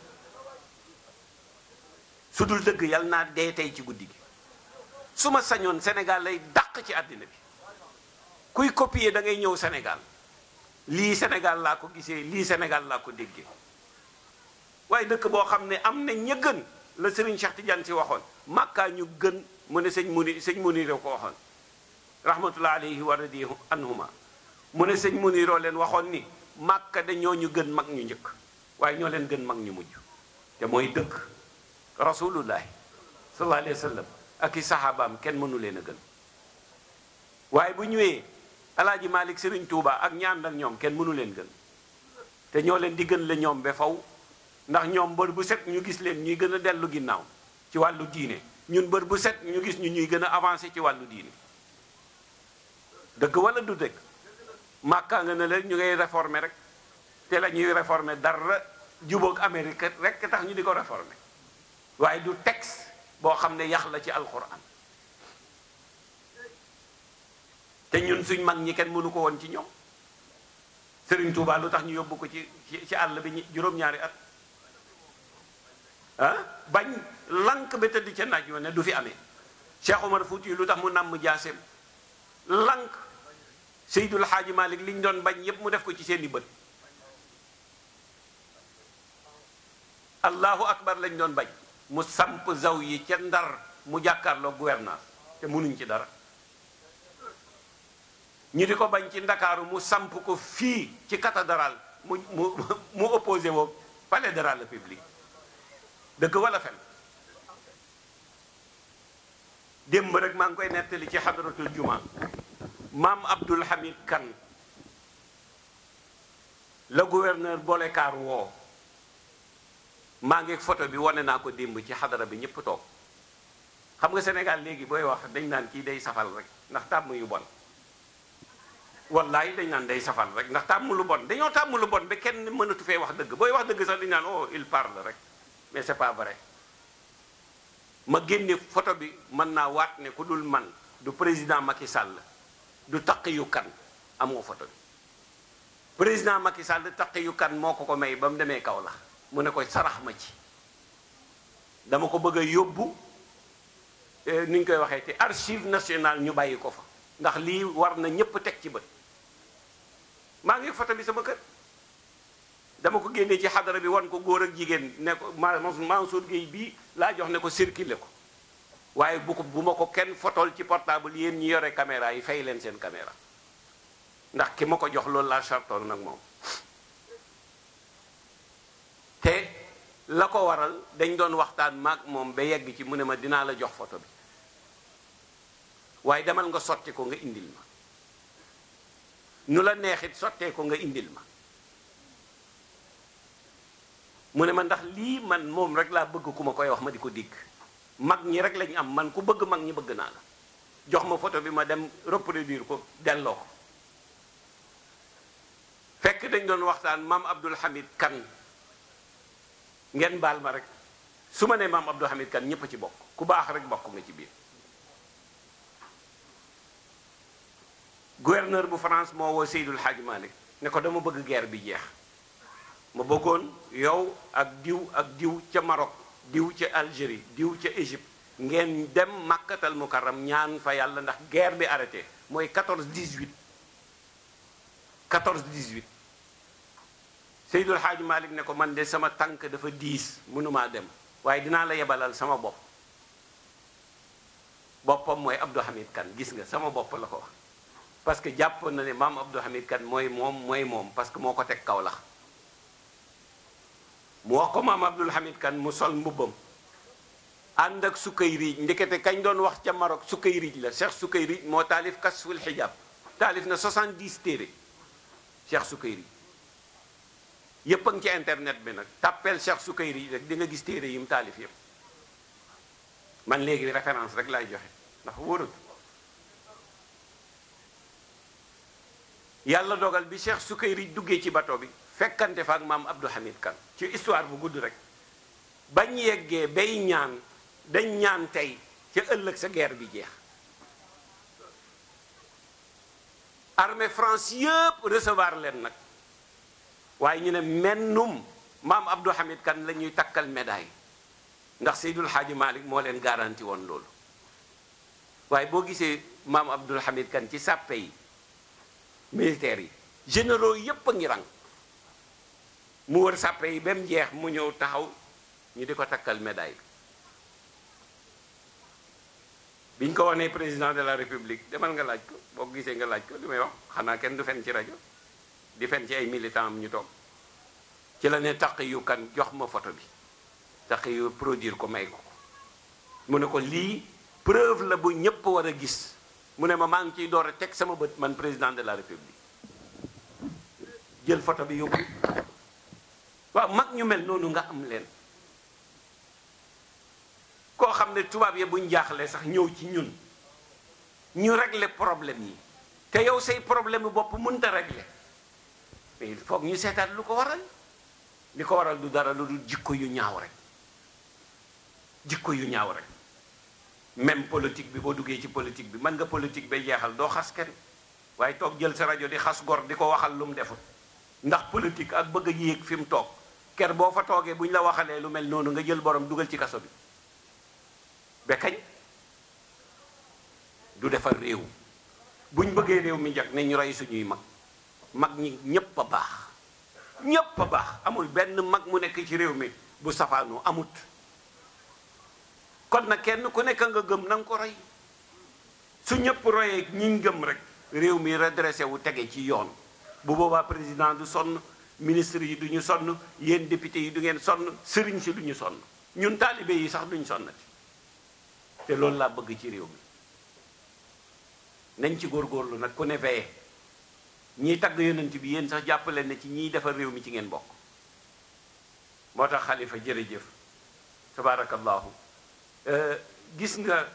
su dul dëgg yal naa dee tey ci guddi gi su ma sañoon Sénégal lay dàq ci àddina bi kuy copier dangay ñëw Sénégal lii Sénégal laa ko gisee lii Sénégal laa ko déggee waaye dëkk boo xam ne am na ña gën la Serigne Cheikh Tidiane si waxoon màkkaa ñu gën mu ne sëñ Mouni sëñ Mouniroo ko waxoon rahmatullah alayhi wa radi anhuma mu ne sëñ Mouniroo leen waxoon ni màkka dañoo ñu gën mag ñu njëkk waaye ñoo leen gën mag ñu mujj te mooy dëkk rasulullahi sallallahu alayhi wa sallam ak i saxaabaam kenn mënu leen a gën waaye bu ñëwee alaaji Malick Serigne tuubaa ak ñaan ak ñoom kenn mënu leen gën te ñoo leen di gën la ñoom ba faw ndax ñoom bër bu set ñu gis leen ñuy gën a dellu ginnaaw ci wàllu diine ñun bër bu set ñu gis ñu ñuy gën a avancé ci wàllu diine dëkk wala du dëgg màkkaa nga ne leen ñu ngay réformer rek te la ñuy réformer dara jubóog Amérique rek tax ñu di ko réformer waaye du texte boo xam ne yax la ci alquran te ñun suñ mag ñi kenn mënu ko woon ci ñoom Serigne tuubaa lu tax ñu yóbbu ko ci ci àll bi juróom-ñaari at ah bañ lank ba tëdd ca naaj ne du fi amee Cheikh Omar Fouti lu tax mu nàmm jaaseem lank Seydul Xaaji Malik liñ doon bañ yépp mu def ko ci seeni bët allahu akbar lañ doon bañ mu samp zaw yi ca ndar mu jàkkaarloo gouvernance te mënuñ ci dara ñu di ko bañ ci ndakaaru mu samp ko fii ci cathédrale mu mu mu opposé woo palais de la République dëgg wala fen démb rek maa ngi koy nettali ci xadratul juma maam Abdul Hamid Kan la gouverneur Bolekar woo maa ngi photo bi wane naa ko démb ci xadara bi ñëpp toog xam nga Sénégal léegi booy wax dañ naan kii day safal rek ndax tàmm yu bon wallaay dañ naan day safal rek ndax tàmm lu bon dañoo tàmm lu bon ba kenn mënatu fee wax dëgg booy wax dëgg sax dañ naan oh il parle rek mais c'est pas vrai ma génne photo bi mën naa waat ne ku dul man du président Macky Sall du taq yu kan amoo photo bi président Macky Sall taq yu kan moo ko ko may ba mu demee Kaolack mu ne ko sarax ma ci dama ko bëgg a yóbbu eh, ni ñu koy waxee te archive nationale ñu bàyyi ko fa ndax lii war na ñépp teg ci bët maa ngi foto bi sama kër dama ko génnee ci xadara bi wan ko góor ak jigéen ne ko Mansour Gueye bii laa jox ne ko circulé ko waaye bu ko bu ma ko kenn fotol ci portable yéen ñi yore caméra yi fay leen seen kamera ndax ki ma ko jox loolu laa chartoon nag moom la ko waral dañ doon waxtaan mag moom ba yegg ci mu ne ma dinaa la jox photo bi waaye demal nga sotti ko nga indil ma nu la neexit sottee ko nga indil ma mu ne ma ndax lii man moom rek laa bëgg ku ma koy wax ma di ko dégg mag ñi rek lañu am man ku bëgg mag ñi bëgg naa la jox ma photo bi ma dem reproduire ko delloo ko fekk dañ doon waxtaan mam Abdul Hamid Kan ngeen baal ma rek su ma nee maam Abdou Hamid Kane ñëpp a ci bokk ku baax rek bokk nga ci biir. gouverneur bu France moo woo Seydul Hadj Malick ne ko dama bëgg guerre bi jeex ma bëggoon yow ak diw ak diw ca Maroc diw ca Algérie diw ca Égypte ngeen dem Makkatal Mukarram ñaan fa yàlla ndax guerre bi arrêté mooy 14 18 14 18. Seydul Xaaj Malik ne ko man de sama tànk dafa diis mënumaa dem waaye dinaa la yebalal sama bopp boppam mooy Abdou Hamid Kane gis nga sama bopp la ko wax parce que jàppoon na ne maam Abdou Hamid Kane mooy moom mooy moom parce que moo ko teg kaw lax mu wax ko maam Abdou Hamid Kane mu sol mbubbam ànd ak sukkay riij ndekete kañ doon wax ca Maroc sukkay riij la Cheikh sukkay riij moo taalif kasful xijaab taalif na 70 téere Cheikh sukkay riij yëpp a ngi ci internet bi nag tàppeel Cheikh Soukayri rek di nga gis téere yi mu taalif yëpp man léegi référence rek laay joxe ndax wóorul yàlla dogal bi su Soukayri duggee ci bato bi fekkante fa ak maam Abdou Hamid Kane ci histoire bu gudd rek bañ yeggee bay ñaan dañ ñaan tey ci ëllëg sa guerre bi jeex armée France yëpp recevoir leen nag waaye ñu ne mennum maam Abdou Hamid kan la ñuy takkal medaay ndax Seydul Xaaji Malik moo leen garanti woon loolu waaye boo gisee maam Abdou Hamid kan ci sàppe yi militaires yi généraux yépp a ngi rang mu wër sàppe yi ba mu jeex mu ñëw taxaw ñu di ko takkal médaille biñ ko wax wanee président de la république demal nga laaj ko boo gisee nga laaj ko li may wax xanaa kenn du fen ci rajo di fen ci ay militant am ñu toog ci la ne taq yu kan jox ma photo bi taq yu produire ko may ko mu ne ko lii preuve la bu ñëpp war a gis mu ne ma maa ngi ciy door a teg sama bët man président de la république jël photo bi yóbbu waaw mag ñu mel noonu nga am leen koo xam ne tubaab yi buñ jaaxlee sax ñëw ci ñun ñu régler problème yi te yow say problème bopp mënta regle te il ñu seetaat lu ko waral li ko waral du dara lu dul jikko yu ñaaw rek jikko yu ñaaw rek même politique bi boo duggee ci politique bi mën nga politique ba jeexal doo xas kenn waaye toog jël sa rajo di xas gor di ko waxal lu mu deful ndax politique ak bëgg a yéeg fi mu toog kenn boo fa toogee bu ñu la waxalee lu mel noonu nga jël borom dugal ci kaso bi ba du defar réew buñ bëggee réew mi njëkk ñu rey suñuy mag mag ñi ñépp a baax ñépp a baax amul benn mag mu nekk ci réew mi bu safaanoo amut kon na kenn ku nekk nga gëm na ko roy su ñëpp royee ñi gëm rek réew mi redressé wu tege ci yoon bu boobaa président du sonn ministre yi duñu sonn yéen député yi du ngeen sonn sëriñ si du ñu sonn ñun taalibe yi sax duñ sonnati te loolu laa bëgg ci réew mi nañ ci góor góorlu nag ku ne veye ñiy tagg yonent bi yéen sax jàppale na ci ñiy defar réew mi ci ngeen bokk moo tax xalifa jërëjëf tabaarakallaahu euh, gis nga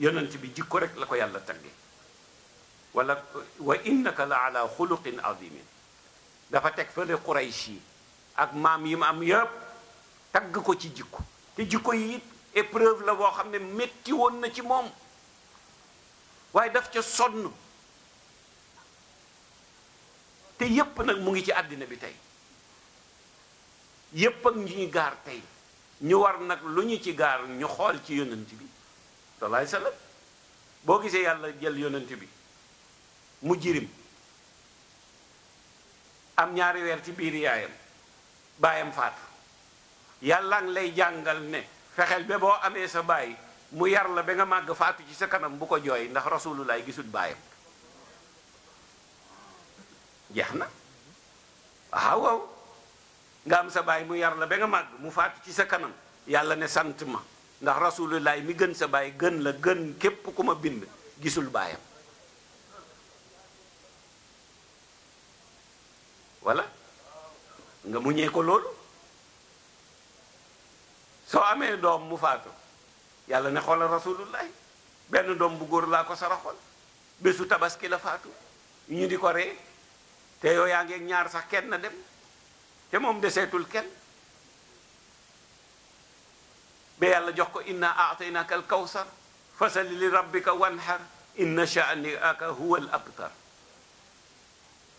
yonent bi jikko rek la ko yàlla tagge walla wa innaka la ala xuluqin azimin dafa teg fa quraysh yi ak maam yi mu am yëpp tagg ko ci jikko te jikko yi épreuve la boo xam ne métti woon na ci moom waaye daf ca sonn te yépp nag mu ngi ci àddina bi tey yépp ñu ñu gaar tey ñu war nag lu ñu ci gaar ñu xool ci yonent bi salaay salaam boo gisee yàlla jël yonent bi mu jirim am ñaari weer ci biir yaayam baayam faatu yàlla ngi lay jàngal ne fexeel ba boo amee sa baay mu yar la ba nga màgg faatu ci sa kanam bu ko jooy ndax rasuululaay gisul baayam jeex na waaw aw nga am sa baay mu yar la ba nga màgg mu faatu ci sa kanam yàlla ne sant ma ndax rasulullaay mi gën sa baay gën la gën képp ku ma bind gisul baayam wala nga mu muñee ko loolu soo amee doom mu faatu yàlla ne xoolal rasulullaay benn doom bu góor laa ko saraxoon bésu tabaski la faatu ñu di ko ree te yow yaa ñaar sax kenn na dem te moom deseetul kenn ba yàlla jox ko inna aataynaka al kawsar fasali li rabbika wanhar inna sha'nika huwa al abtar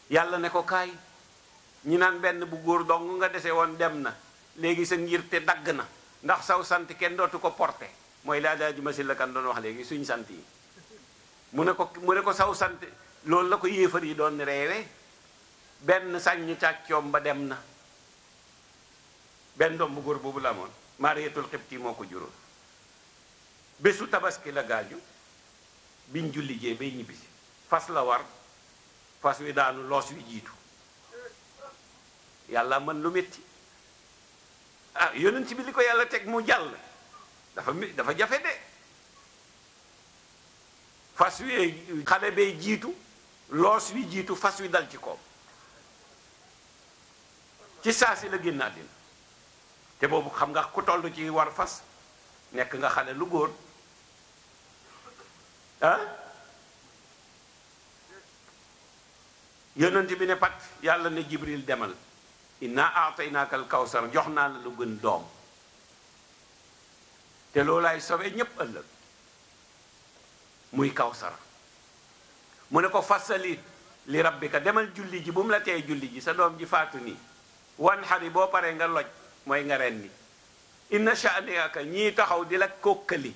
yàlla ne ko kaay ñi naan benn bu góor dong nga dese woon dem na léegi sa ngir te dagg na ndax saw sant kenn dootu ko porte mooy laa daa ju masil la kan doon wax léegi suñ sant yi mu ne ko mu ne ko saw sant loolu la ko yéefar yi doon reewee benn sàññu càccoom ba dem na benn doom bu góor boobu la amoon maariyatul xibti moo ko juróon bésu tabaski la gaaju biñ julli jee bay ñibbisi fas la war fas wi daanu loos wi jiitu yàlla mën lu métti ah yonent bi li ko yàlla teg mu jàll dafa dafa jafe de fas wi xale bay jiitu loos wi jiitu fas wi dal ci koom ci saa si la génn àddina te boobu xam nga ku toll ci war fas nekk nga xale lu góor ah yonent bi ne pat yàlla ne jibril demal inna aataynaaka al kawsar jox naa la lu gën doom te loolaay sobe ñépp ëllëg muy kawsar mu ne ko fasalit li rabbika demal julli ji bu mu la tee julli ji sa doom ji faatu nii wan xari boo paree nga loj mooy nga rendi inna sha'niyaka ñii taxaw di la kokkali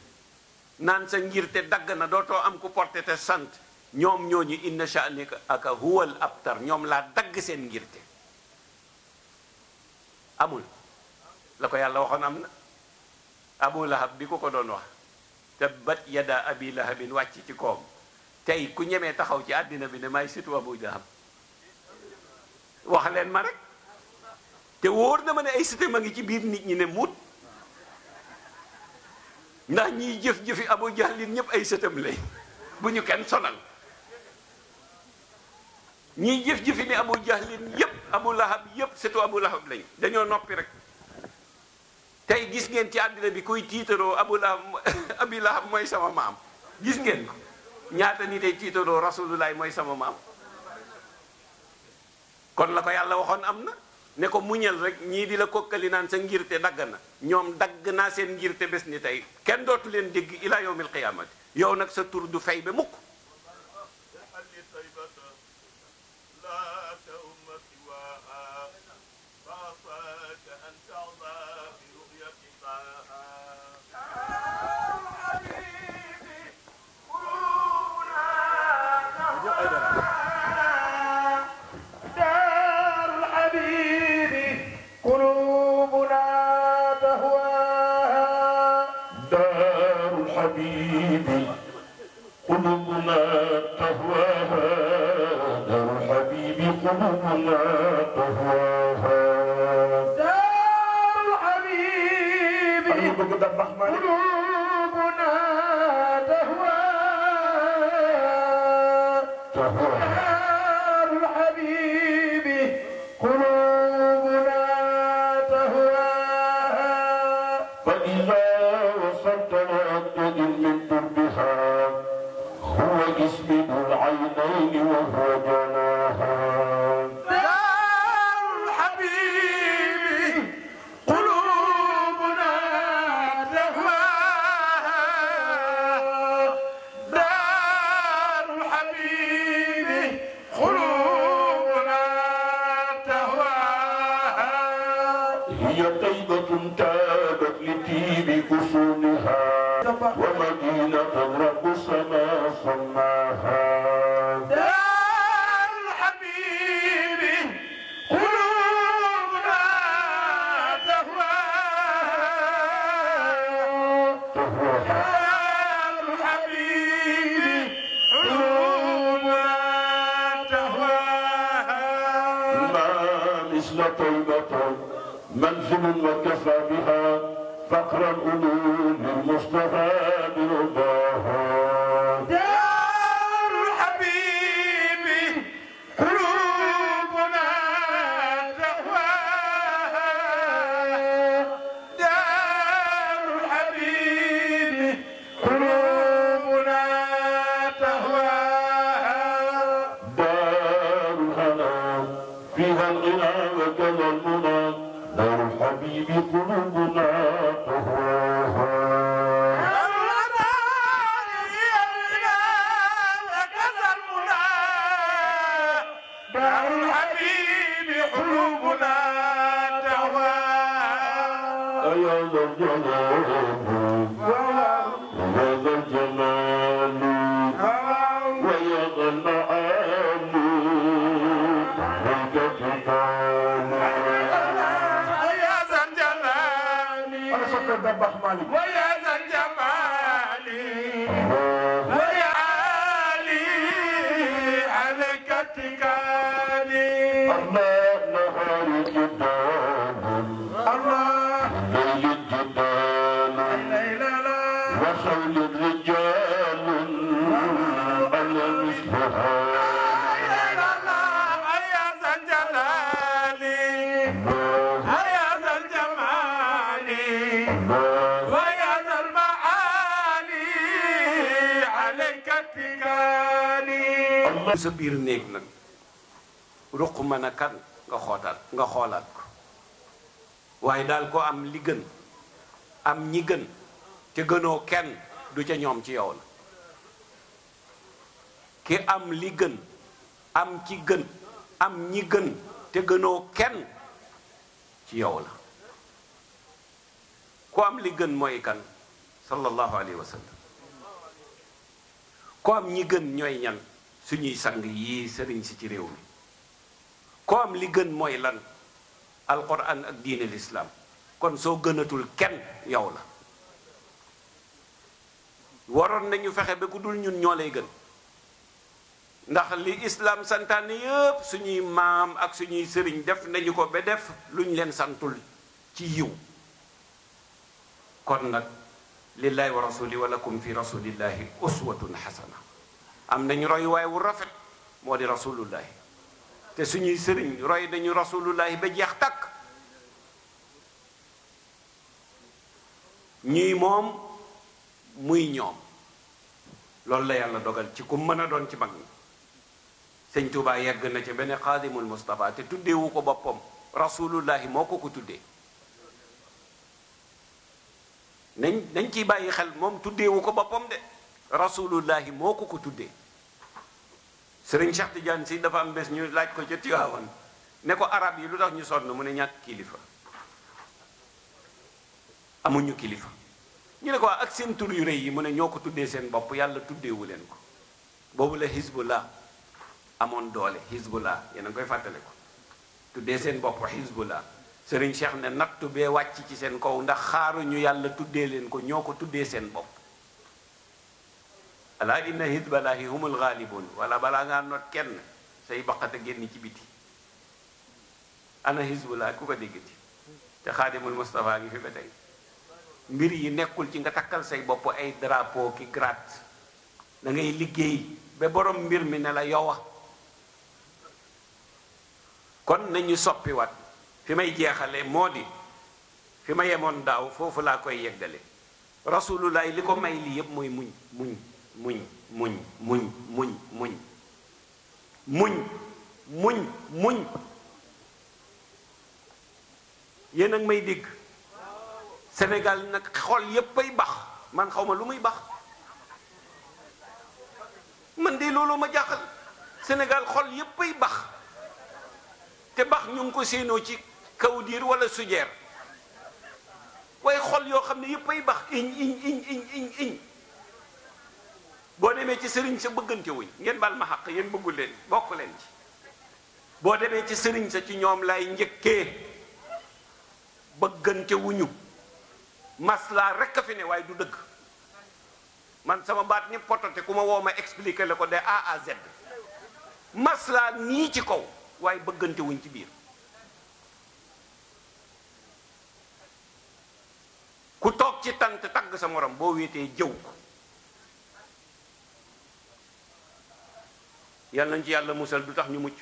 naan sa ngir te dagg na dootoo am ku porté te sant ñoom ñooñu inna sha'niyaka huwal abtar ñoom laa dagg seen ngir amul la ko yàlla waxoon am na abu lahab bi ku ko doon wax tabbat yada abi lahabin wàcc ci koom tey ku ñemee taxaw ci àddina bi ne may surtout abu lahab wax leen ma rek te wóor na ma ne ay système a ngi ci biir nit ñi ne mut ndax ñiy jëf-jëfi abu jahlin ñëpp ay sëtam lay bu ñu kenn sonal ñiy jëf-jëfi ni abu jahlin yëpp abu lahab yëpp sëtu abu lahab lañ dañoo noppi rek tey gis ngeen ci àddina bi kuy tiitaroo abu lahab abi lahab mooy sama maam gis ngeen ñaata ni tey tiitaroo rasulullah mooy sama maam kon la ko yàlla waxoon am na ne ko muñal rek ñii di la kokkali naan sa ngirte dagg na ñoom dagg naa seen ngirte bés ni tey kenn dootu leen dégg ila yawmil qiyaamati yow nag sa tur du fay ba mukk الحسن طيبة منزل وكفى بها فقر الألوم المصطفى برضاها nekk sa biir néeg nag ruq mën a kan nga nga xoolaat ko waaye daal ko am li gën am ñi gën te gënoo kenn du ca ñoom ci yow la am li gën am ci gën am ñi gën te gënoo kenn ci yow la ku am li gën mooy kan sallallahu alayhi sallam ku am ñi gën ñooy ñan suñuy sang yii sëriñ si ci réew mi ko li gën mooy lan alquran ak diine lislaam kon soo gënatul kenn yow la waroon nañu fexe ba ku dul ñun ñoo lay gën ndax li islaam santaan yépp suñuy maam ak suñuy sëriñ def nañu ko ba def luñ leen santul ci yiw kon nag lillahi wa rasuli wa lakum fi rasulillahi uswatun xasana am nañu roy waay wu rafet moo di rasulullahi te suñuy sëriñ roy dañu rasulullahi ba jeex takk ñuy moom muy ñoom loolu la yàlla dogal ci ku mën a doon ci mag ñi sëñ Tuubaa yegg na ci benn xaadimul Mustafa te tuddeewu ko boppam rasulullahi moo ko ko tuddee nañ nañ ciy bàyyi xel moom tuddeewu ko boppam de rasulullahi moo ko ko tuddee sëriñ Cheikh Tidiane si dafa am bés ñu laaj ko ca Tiwaawan ne ko arab yi lu tax ñu sonn mu ne ñàkk kilifa amuñu kilifa ñu ne ko ak seen tur yu rëy yi mu ne ñoo ko tuddee seen bopp yàlla tuddeewu leen ko boobu la Hizbullah amoon doole Hizbullah yéen a koy fàttale ko tuddee seen bopp Hizbullah sëriñ Cheikh ne nattu bee wàcc ci seen kaw ndax xaaruñu yàlla tuddee leen ko ñoo ko tuddee seen bopp alaa inna hizballaahi humul xaalibuun wala balaa ngaa noot kenn say baqata génn ci biti ana hizbullah ku ko déggati te xaadimul Moustapha ngi fi ba tey mbir yi nekkul ci nga takkal say bopp ay drapeau ki gratte da liggéey ba borom mbir mi ne la yowa kon nañu soppiwaat fi may jeexale moo di fi ma yemoon daaw foofu laa koy yeggale rasulullahi li ko may li yépp mooy muñ muñ muñ muñ muñ muñ muñ muñ muñ muñ yéen ak may dégg Sénégal nag xol yépp baax man xaw ma lu muy baax man de looloo ma jaaxal Sénégal xol yépp ay bax te bax ñu ngi ko séenoo ci kaw walla wala sujeer waaye xol yoo xam ne yépp ay bax iñ iñ iñ boo demee ci sëriñ sa bëggante wuñ ngeen bal ma xaq yéen bëggul leen bokk leen ci boo demee ci sëriñ sa ci ñoom laay njëkkee bëggante wuñu maslaa rekk a fi ne waaye du dëgg man sama baat ni potote ku ma woo ma expliquer la ko de A à Z maslaa nii ci kaw waaye bëggante wuñ ci biir ku toog ci tant tagg sa morom boo wéetee jëw yala nañ ci yàlla musal du tax ñu mucc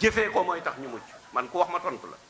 jëfee ko mooy tax ñu mucc man ku wax ma tontu la